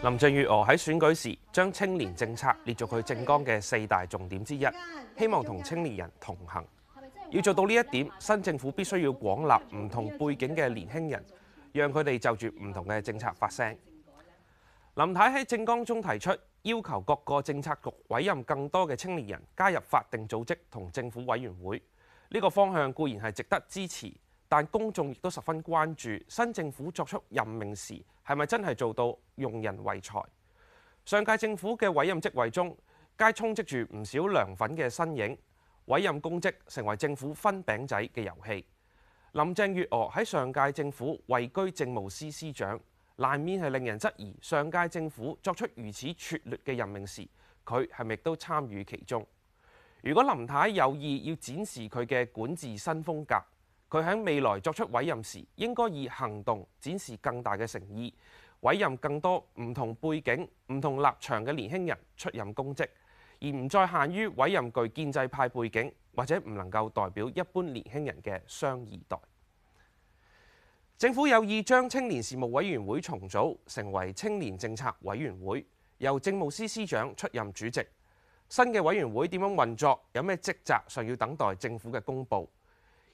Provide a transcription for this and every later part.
林鄭月娥喺選舉時將青年政策列作佢政綱嘅四大重點之一，希望同青年人同行。要做到呢一點，新政府必須要廣納唔同背景嘅年輕人，讓佢哋就住唔同嘅政策發聲。林太喺政綱中提出要求各個政策局委任更多嘅青年人加入法定組織同政府委員會，呢個方向固然係值得支持。但公眾亦都十分關注新政府作出任命時係咪真係做到用人唯才？上屆政府嘅委任職位中皆充斥住唔少梁粉嘅身影，委任公職成為政府分餅仔嘅遊戲。林鄭月娥喺上屆政府位居政務司司長，難免係令人質疑上屆政府作出如此拙劣嘅任命時，佢係咪都參與其中？如果林太有意要展示佢嘅管治新風格，佢喺未來作出委任時，應該以行動展示更大嘅誠意，委任更多唔同背景、唔同立場嘅年輕人出任公職，而唔再限於委任具建制派背景或者唔能夠代表一般年輕人嘅商二代。政府有意將青年事務委員會重組成為青年政策委員會，由政務司司長出任主席。新嘅委員會點樣運作、有咩職責，尚要等待政府嘅公佈。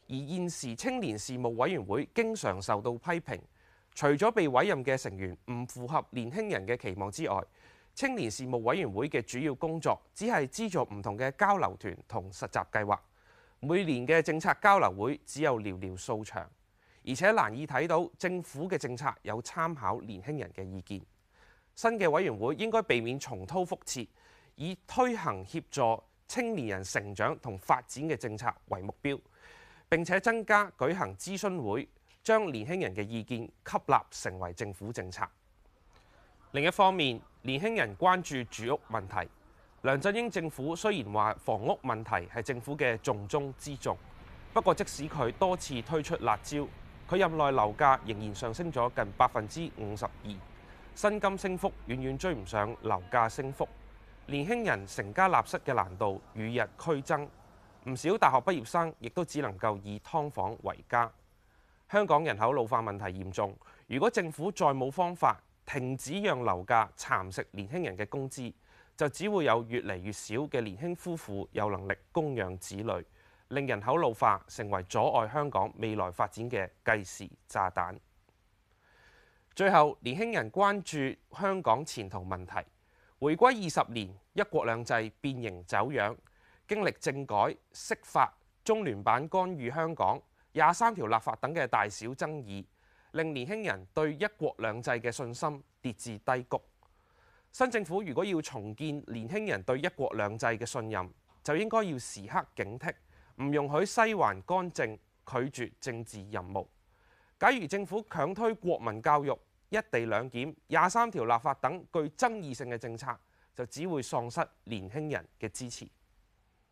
而現時青年事務委員會經常受到批評，除咗被委任嘅成員唔符合年輕人嘅期望之外，青年事務委員會嘅主要工作只係資助唔同嘅交流團同實習計劃。每年嘅政策交流會只有寥寥數場，而且難以睇到政府嘅政策有參考年輕人嘅意見。新嘅委員會應該避免重蹈覆轍，以推行協助青年人成長同發展嘅政策為目標。並且增加舉行諮詢會，將年輕人嘅意見吸納成為政府政策。另一方面，年輕人關注住屋問題。梁振英政府雖然話房屋問題係政府嘅重中之重，不過即使佢多次推出辣招，佢任內樓價仍然上升咗近百分之五十二，薪金升幅遠遠追唔上樓價升幅，年輕人成家立室嘅難度與日俱增。唔少大學畢業生亦都只能夠以劏房為家。香港人口老化問題嚴重，如果政府再冇方法停止讓樓價蠶食年輕人嘅工資，就只會有越嚟越少嘅年輕夫婦有能力供養子女，令人口老化成為阻礙香港未來發展嘅計時炸彈。最後，年輕人關注香港前途問題，回歸二十年，一國兩制變形走樣。經歷政改、釋法、中聯辦干預香港、廿三條立法等嘅大小爭議，令年輕人對一國兩制嘅信心跌至低谷。新政府如果要重建年輕人對一國兩制嘅信任，就應該要時刻警惕，唔容許西環干政、拒絕政治任務。假如政府強推國民教育、一地兩檢、廿三條立法等具爭議性嘅政策，就只會喪失年輕人嘅支持。